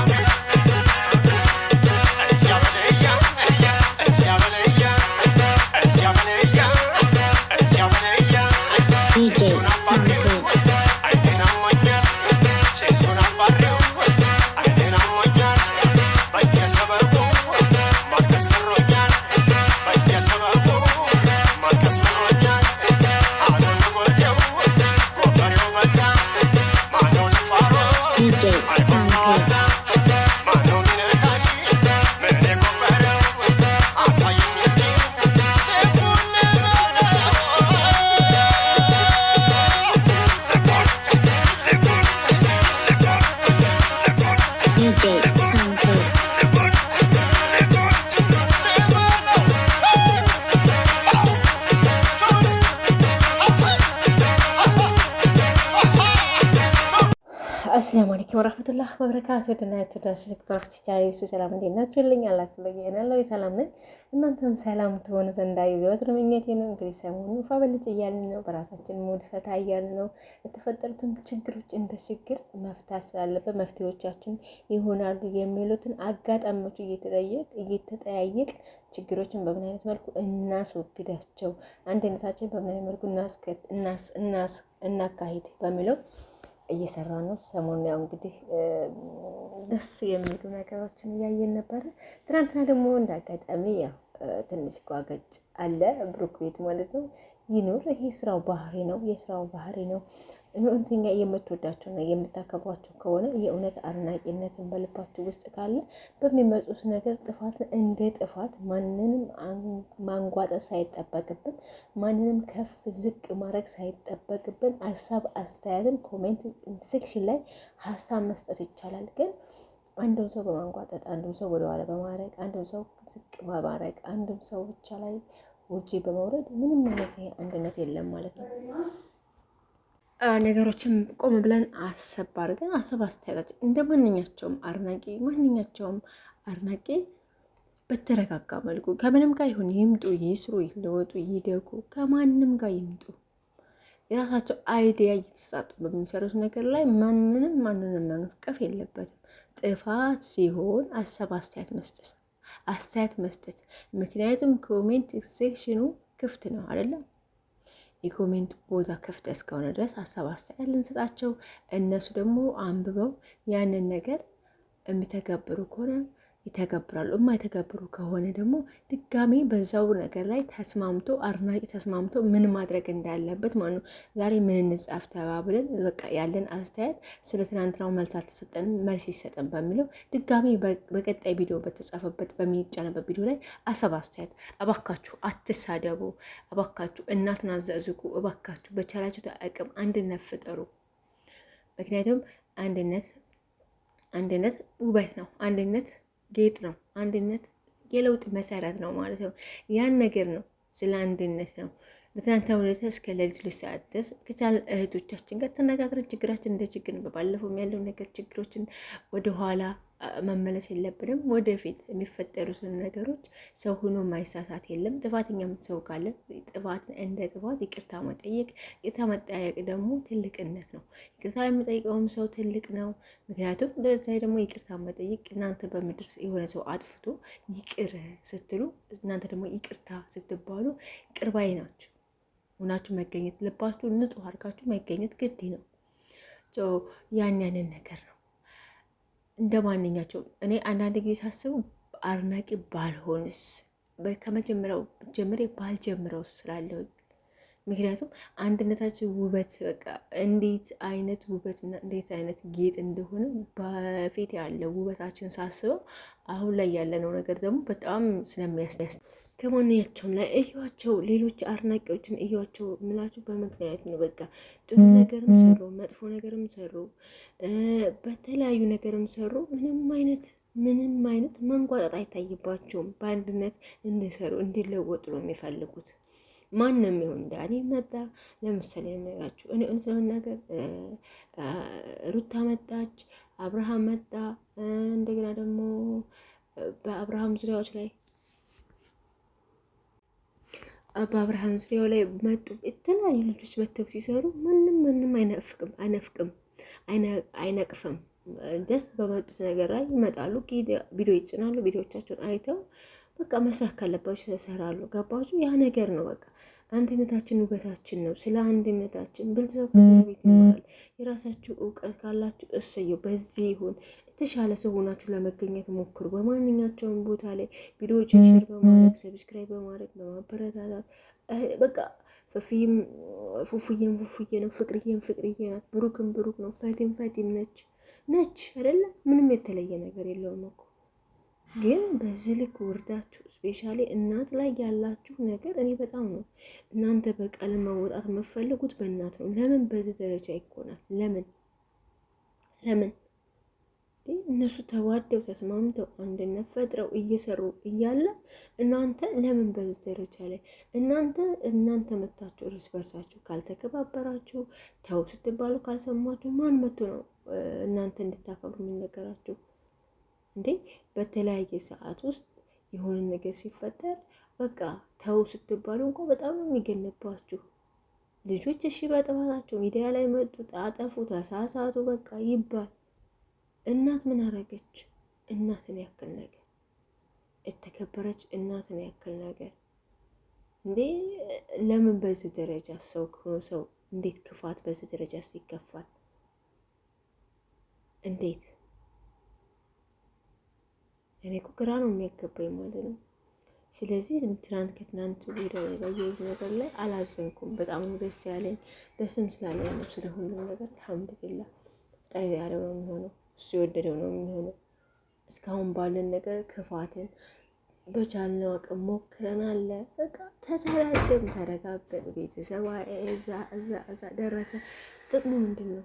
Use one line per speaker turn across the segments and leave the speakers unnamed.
I'm አሰላሙ አለይኩም ወራህመቱላህ ወበረካቱ ወደና የተወዳጅ ልክባክች ቻይሱ ሰላም እንዴት ናችሁ? ልኝ አላችሁ በየነለው ሰላም ነኝ። እናንተም ሰላም ትሆኑ ዘንዳ ይዘወትር ምኞቴ ነው። እንግዲህ ሰሞኑን ፋበልጭ እያልን ነው፣ በራሳችን ሙድ ፈታ እያልን ነው። የተፈጠሩትን ችግሮች እንደ ችግር መፍታት ስላለበት መፍትሄዎቻችን ይሆናሉ የሚሉትን አጋጣሚዎች እየተጠየቅ እየተጠያየቅ ችግሮችን በምን አይነት መልኩ እናስወግዳቸው፣ አንድነታችን በምን አይነት መልኩ እናካሂድ በሚለው እየሰራ ነው። ሰሞኑ ያው እንግዲህ ደስ የሚሉ ነገሮችን እያየን ነበረ። ትናንትና ደግሞ እንደ አጋጣሚ ያው ትንሽ ጓገጭ አለ ብሩክ ቤት ማለት ነው። ይኑር። ይሄ ስራው ባህሪ ነው፣ የስራው ባህሪ ነው። እውነተኛ የምትወዳቸውና የምታከብሯቸው ከሆነ የእውነት አድናቂነትን በልባቸው ውስጥ ካለ በሚመጡት ነገር ጥፋት እንደ ጥፋት ማንንም ማንጓጠጥ ሳይጠበቅብን ማንንም ከፍ ዝቅ ማድረግ ሳይጠበቅብን ሀሳብ አስተያየትን ኮሜንት ሴክሽን ላይ ሀሳብ መስጠት ይቻላል ግን አንድም ሰው በማንቋጠጥ አንድም ሰው ወደኋላ በማድረግ አንድም ሰው ዝቅ በማድረግ አንድም ሰው ብቻ ላይ ውጪ በመውረድ ምንም አይነት ይሄ አንድነት የለም ማለት ነው። ነገሮችን ቆም ብለን አሰብ አድርገን አሰብ አስተያየታችን እንደ ማንኛቸውም አድናቂ ማንኛቸውም አድናቂ በተረጋጋ መልኩ ከምንም ጋር ይሁን ይምጡ፣ ይስሩ፣ ይለወጡ፣ ይደጉ ከማንም ጋር ይምጡ የራሳቸው አይዲያ እየተሰጡ በሚሰሩት ነገር ላይ ማንንም ማንንም መንቀፍ የለበትም። ጥፋት ሲሆን አሰብ አስተያየት መስጠት አስተያየት መስጠት። ምክንያቱም ኮሜንት ሴክሽኑ ክፍት ነው አይደለም? የኮሜንት ቦታ ክፍት እስከሆነ ድረስ ሀሳብ አስተያየት ልንሰጣቸው፣ እነሱ ደግሞ አንብበው ያንን ነገር የሚተገብሩ ከሆነ ይተገብራሉ። የማይተገብሩ ከሆነ ደግሞ ድጋሜ በዛው ነገር ላይ ተስማምቶ አድናቂ ተስማምቶ ምን ማድረግ እንዳለበት ማለት ነው። ዛሬ ምን እንጻፍ ተባብለን በቃ ያለን አስተያየት ስለ ትናንትናው መልስ አልተሰጠንም፣ መልስ ይሰጠን በሚለው ድጋሜ በቀጣይ ቪዲዮ በተጻፈበት በሚጫነበት ቪዲዮ ላይ አሰብ አስተያየት። እባካችሁ አትሳደቡ፣ እባካችሁ እናትን አዘዝጉ፣ እባካችሁ በቻላችሁ አቅም አንድነት ፍጠሩ። ምክንያቱም አንድነት አንድነት ውበት ነው። አንድነት ጌጥ ነው። አንድነት የለውጥ መሰረት ነው ማለት ነው። ያን ነገር ነው ስለ አንድነት ነው። በትናንትና ሁኔታ እስከ ሌሊቱ ሁለት ሰዓት ድረስ ከቻል እህቶቻችን ጋር ተነጋግረን ችግራችን እንደ ችግር በባለፈው ያለው ነገር ችግሮችን ወደኋላ መመለስ የለብንም። ወደፊት የሚፈጠሩትን ነገሮች ሰው ሆኖ ማይሳሳት የለም። ጥፋተኛም ሰው ካለ ጥፋትን እንደ ጥፋት ይቅርታ መጠየቅ፣ ይቅርታ መጠያየቅ ደግሞ ትልቅነት ነው። ይቅርታ የሚጠይቀውም ሰው ትልቅ ነው። ምክንያቱም በዛ ደግሞ ይቅርታ መጠየቅ እናንተ በምድር የሆነ ሰው አጥፍቶ ይቅር ስትሉ እናንተ ደግሞ ይቅርታ ስትባሉ ቅርባይ ናቸው ሆናችሁ መገኘት ልባችሁ ንጹሕ አድርጋችሁ መገኘት ግድ ነው። ያን ያንን ነገር ነው እንደ ማንኛቸው እኔ አንዳንድ ጊዜ ሳስቡ አድናቂ ባልሆንስ ከመጀመሪያው ጀምሬ ባልጀምረው ስላለው ምክንያቱም አንድነታችን ውበት በቃ እንዴት አይነት ውበት ውበትና እንዴት አይነት ጌጥ እንደሆነ በፊት ያለው ውበታችን ሳስበው አሁን ላይ ያለነው ነገር ደግሞ በጣም ስለሚያስ ተማንያቸውም ላይ እያቸው ሌሎች አድናቂዎችን እያቸው ምላቸው በምክንያት ነው። በቃ ጥሩ ነገርም ሰሩ፣ መጥፎ ነገርም ሰሩ፣ በተለያዩ ነገርም ሰሩ፣ ምንም አይነት ምንም አይነት መንጓጣት አይታይባቸውም። በአንድነት እንዲሰሩ እንዲለወጡ ነው የሚፈልጉት። ማንም ይሁን ዳኒ መጣ፣ ለምሳሌ ነገራችሁ እኔ እውነት ለመናገር ሩታ መጣች፣ አብርሃም መጣ፣ እንደገና ደግሞ በአብርሃም ዙሪያዎች ላይ በአብርሃም ዙሪያው ላይ መጡ የተለያዩ ልጆች መጥተው ሲሰሩ ምንም ምንም አይነፍቅም አይነፍቅም አይነቅፍም። ደስ በመጡት ነገር ላይ ይመጣሉ፣ ቪዲዮ ይጭናሉ። ቪዲዮቻቸውን አይተው በቃ መስራት ካለባችሁ ተሰራሉ። ገባችሁ? ያ ነገር ነው በቃ አንድነታችን ውበታችን ነው። ስለ አንድነታችን ብልጥ ሰው ቤት ይኖራል። የራሳችሁ እውቀት ካላችሁ እሰየው። በዚህ ይሁን የተሻለ ሰው ሆናችሁ ለመገኘት ሞክሩ። በማንኛቸውም ቦታ ላይ ቪዲዮዎች ሼር በማድረግ ሰብስክራይብ በማድረግ በማበረታታት በቃ ፍፍይም ፉፉዬም ፉፉዬ ነው፣ ፍቅርዬም ፍቅርዬ ናት፣ ብሩክም ብሩክ ነው፣ ፈቲም ፈቲም ነች ነች አይደለ? ምንም የተለየ ነገር የለውም እኮ ግን በዚህ ልክ ውርዳችሁ ስፔሻሊ እናት ላይ ያላችሁ ነገር እኔ በጣም ነው እናንተ በቀለም መወጣት የምፈልጉት በእናት ነው። ለምን በዚህ ደረጃ ይኮናል? ለምን ለምን እነሱ ተዋደው ተስማምተው አንድነት ፈጥረው እየሰሩ እያለ እናንተ ለምን በዚህ ደረጃ ላይ እናንተ እናንተ መታችሁ እርስ በርሳችሁ ካልተከባበራችሁ ተው ስትባሉ ካልሰማችሁ ማን መቶ ነው እናንተ እንድታከብሩ የሚነገራችሁ? እንዴ በተለያየ ሰዓት ውስጥ የሆነ ነገር ሲፈጠር በቃ ተው ስትባሉ እንኳ በጣም ነው የሚገነባችሁ። ልጆች እሺ በጥፋታቸው ሚዲያ ላይ መጡ፣ አጠፉ፣ ተሳሳቱ በቃ ይባል። እናት ምን አረገች? እናትን ያክል ነገር የተከበረች እናትን ያክል ነገር እንዴ! ለምን በዚህ ደረጃ ሰው ሆኖ ሰው እንዴት ክፋት በዚህ ደረጃ ይከፋል? እንዴት እኔ እኮ ግራ ነው የሚያገባኝ ማለት ነው። ስለዚህ ትናንት ከትናንት ቪዲዮ ላይ ባየሁት ነገር ላይ አላዘንኩም። በጣም ነው ደስ ያለኝ፣ ደስም ስላለኝ ነው። ስለ ሁሉም ነገር አልሐምዱሊላ። ጠሪ ያለው ነው የሚሆነው፣ እሱ የወደደው ነው የሚሆነው። እስካሁን ባለን ነገር ክፋትን በቻልነው አቅም ሞክረናል። በቃ ተሰዳደም፣ ተረጋገጥ፣ ቤተሰብ እዛ እዛ እዛ ደረሰ። ጥቅሙ ምንድን ነው?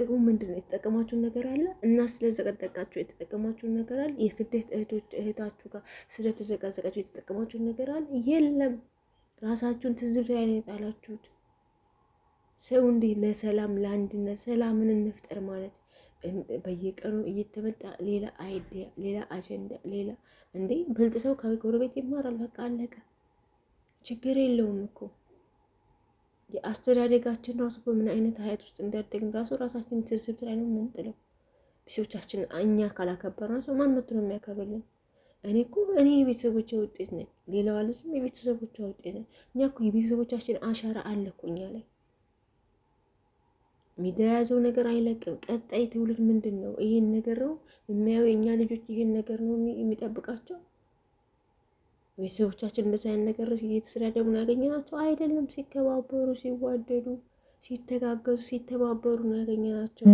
ጥቅሙ ምንድን ነው? የተጠቀማችሁን ነገር አለ እና ስለዘቀዘቃችሁ የተጠቀማችሁን ነገር አለ። የስደት እህቶች እህታችሁ ጋር ስለተዘቀዘቃችሁ የተጠቀማችሁን ነገር አለ የለም። ራሳችሁን ትዝብት ላይ ነው የጣላችሁት። ሰው እንዲህ ለሰላም ለአንድነት ሰላምን እንፍጠር ማለት በየቀኑ እየተመጣ ሌላ አይዲያ፣ ሌላ አጀንዳ፣ ሌላ እንዴ ብልጥ ሰው ከጎረቤት ይማራል። በቃ አለቀ። ችግር የለውም እኮ የአስተዳደጋችን ራሱ በምን አይነት ሀያት ውስጥ እንዲያደግን ራሱ ራሳችን ትዝብት ላይ ነው የምንጥለው። ቤተሰቦቻችን እኛ ካላከበርናቸው ማን መቶ ነው የሚያከብርልን? እኔ እኮ እኔ የቤተሰቦች ውጤት ነኝ፣ ሌላዋ ልጅም የቤተሰቦቿ ውጤት ነኝ። እኛ እኮ የቤተሰቦቻችን አሻራ አለ እኮ እኛ ላይ የሚደያዘው ነገር አይለቅም። ቀጣይ ትውልድ ምንድን ነው ይሄን ነገር ነው የሚያዩ የእኛ ልጆች ይሄን ነገር ነው የሚጠብቃቸው። ቤተሰቦቻችን እንደዚህ አይነት ነገር እየተሰዳደቡ ያገኘናቸው አይደለም። ሲከባበሩ፣ ሲዋደዱ፣ ሲተጋገዙ፣ ሲተባበሩ ያገኘናቸው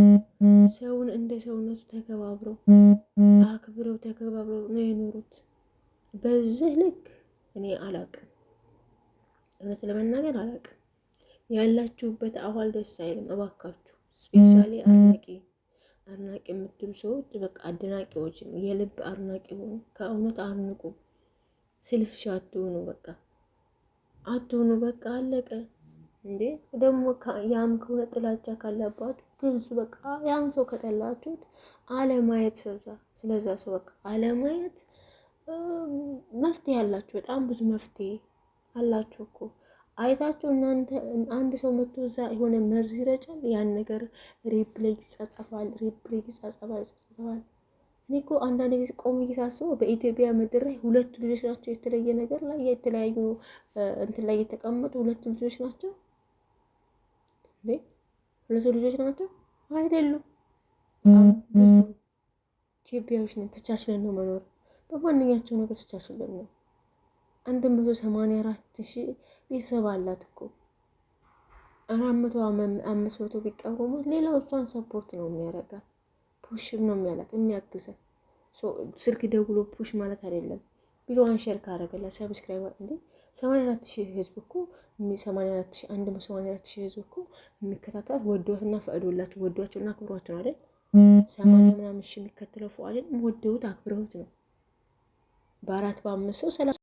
ሰውን እንደ ሰውነቱ ተከባብረው አክብረው ተከባብረው ነው የኖሩት። በዚህ ልክ እኔ አላቅም፣ እውነት ለመናገር አላቅም። ያላችሁበት አዋል ደስ አይልም። እባካችሁ ስፔሻሊ አድናቂ አድናቂ የምትሉ ሰዎች በቃ አድናቂዎች፣ የልብ አድናቂ ሆኑ፣ ከእውነት አድንቁ። ስልፍሽ አትሆኑ፣ በቃ አትሆኑ፣ በቃ አለቀ። እንዴ ደግሞ ያም ከሆነ ጥላቻ ካለባችሁ ግልጹ፣ በቃ ያን ሰው ከጠላችሁት አለማየት፣ ስለዛ ሰው በቃ አለማየት መፍትሄ አላችሁ። በጣም ብዙ መፍትሄ አላችሁ እኮ አይታችሁ እናንተ አንድ ሰው መቶ እዛ የሆነ መርዝ ይረጫል። ያን ነገር ሪፕሌይ ይጻጻፋል፣ ሪፕሌይ ይጻጻፋል፣ ይጻጻፋል እኔ እኮ አንዳንድ ጊዜ ቆም እየሳስበው በኢትዮጵያ ምድር ላይ ሁለቱ ልጆች ናቸው የተለየ ነገር ላይ የተለያዩ እንትን ላይ የተቀመጡ ሁለቱ ልጆች ናቸው። ሁለቱ ልጆች ናቸው አይደሉም። ኢትዮጵያዎች ነን። ተቻችለን ነው መኖር በማንኛቸው ነገር ተቻችለን ነው። አንድ መቶ ሰማንያ አራት ሺህ ቤተሰብ አላት እኮ አራት መቶ አምስት መቶ ቢቀሩ ሌላው እሷን ሰፖርት ነው የሚያደርጋት ፑሽም ነው የሚያላት የሚያግዛት ስልክ ደውሎ ፑሽ ማለት አይደለም። ቪዲዮዋን ሼር ካደረገላት ሰብስክራይብ እንዴ 84 ሺህ ህዝብ እኮ 84 ሺህ 184 ሺህ ህዝብ እኮ የሚከታተላት ወደዋትና ፈቅዶላቸው ወደዋቸውና አክብሯቸው አይደል? ሰማንያ ምናምን ሺህ የሚከተለው ፈዋልን ወደውት አክብረውት ነው በአራት በአምስት ሰው ሰላ